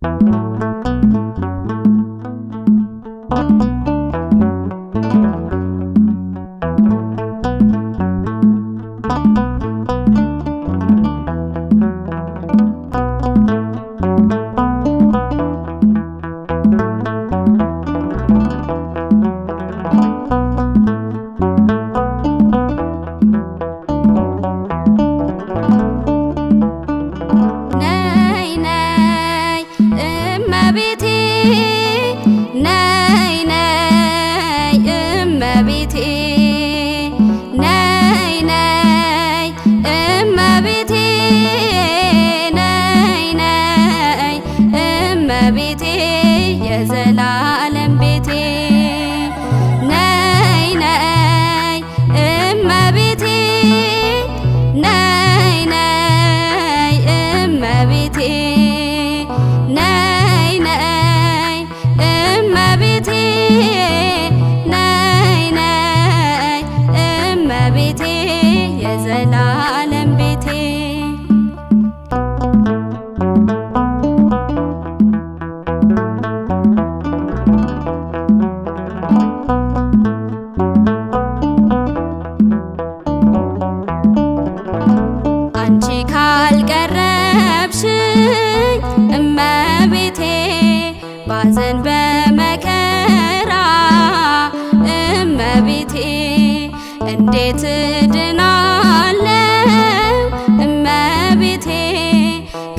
Thank you. gravity. ባዘን በመከራ እመቤቴ እንዴት ድናለው እመቤቴ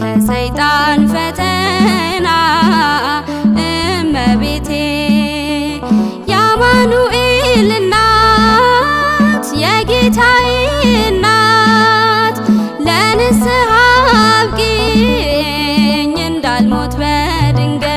ከሰይጣን ፈተና እመቤቴ እናት የጌታዬ እናት ለንስሐ አብቂኝ እንዳልሞት በድንገት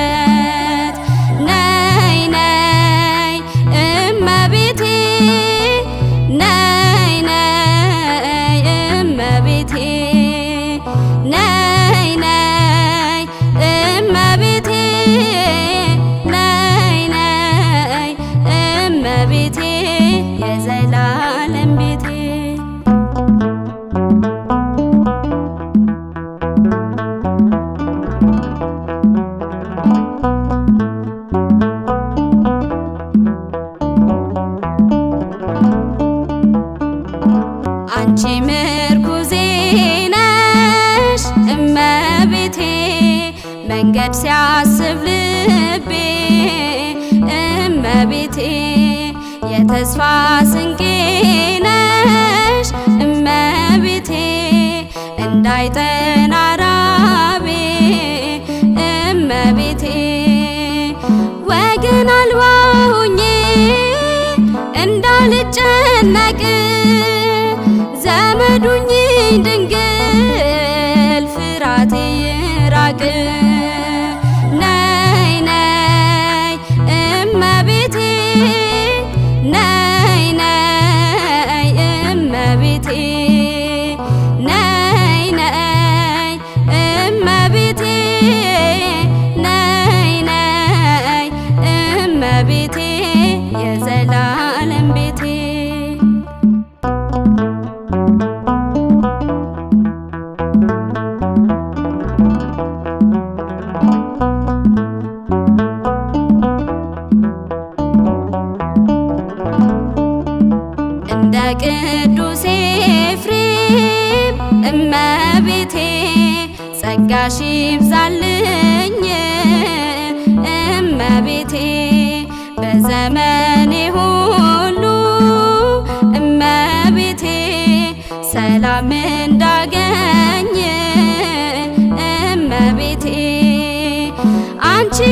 yeah. ሲያስብ ልቤ እመቤቴ የተስፋ ስንቄ እመቤቴ እንዳይጠና እመቤቴ ወገን አልባ ሆኜ እንዳልጨነቅ ዘመዱኝ ድንግል ፍራቴ ይራቅ የዘላለም ቤቴ እንደ ቅዱስ ኤፍሬም እመቤቴ ጸጋሽ ይብዛልኝ እመቤቴ በዘመን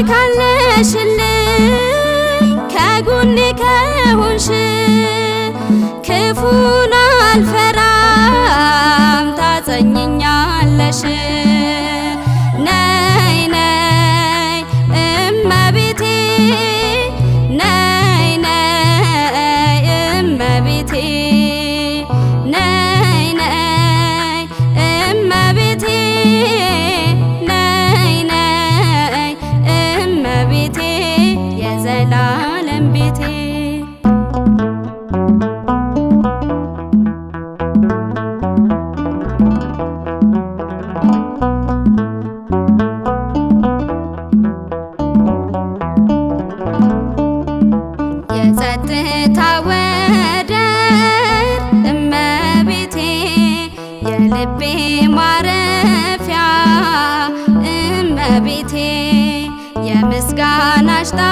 ካለሽልኝ ከጎኔ ከሆንሽ ክፉን አልፈራም ታጸኝኛለሽ ቤቴ የልቤ ማረፊያ እመቤቴ የምስጋናሽ ጣ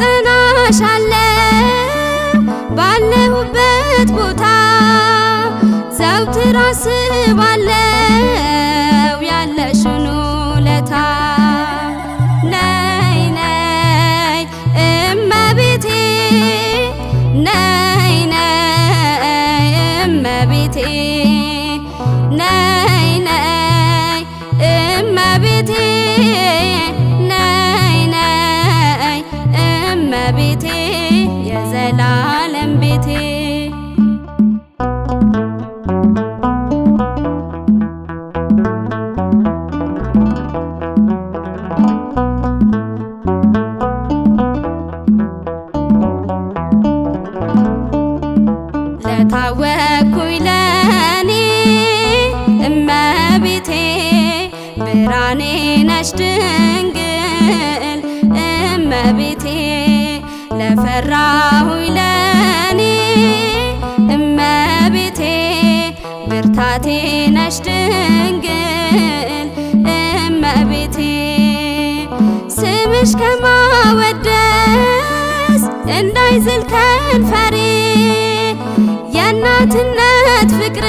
አጠናሻለሁ ባለሁበት ቦታ ዘውትር አስባለሁ ያለሽን ውለታ። ነይ ነይ እመቤቴ ነይ ነይ እመቤቴ ነይ ነይ እመቤቴ ብርሃኔ ነሽ ድንግል እመቤቴ ለፈራሁ ለኔ እመቤቴ ብርታቴ ነሽ ድንግል እመቤቴ ስምሽ ከማወደስ እንዳይዝል ከንፈሬ የእናትነት ፍቅር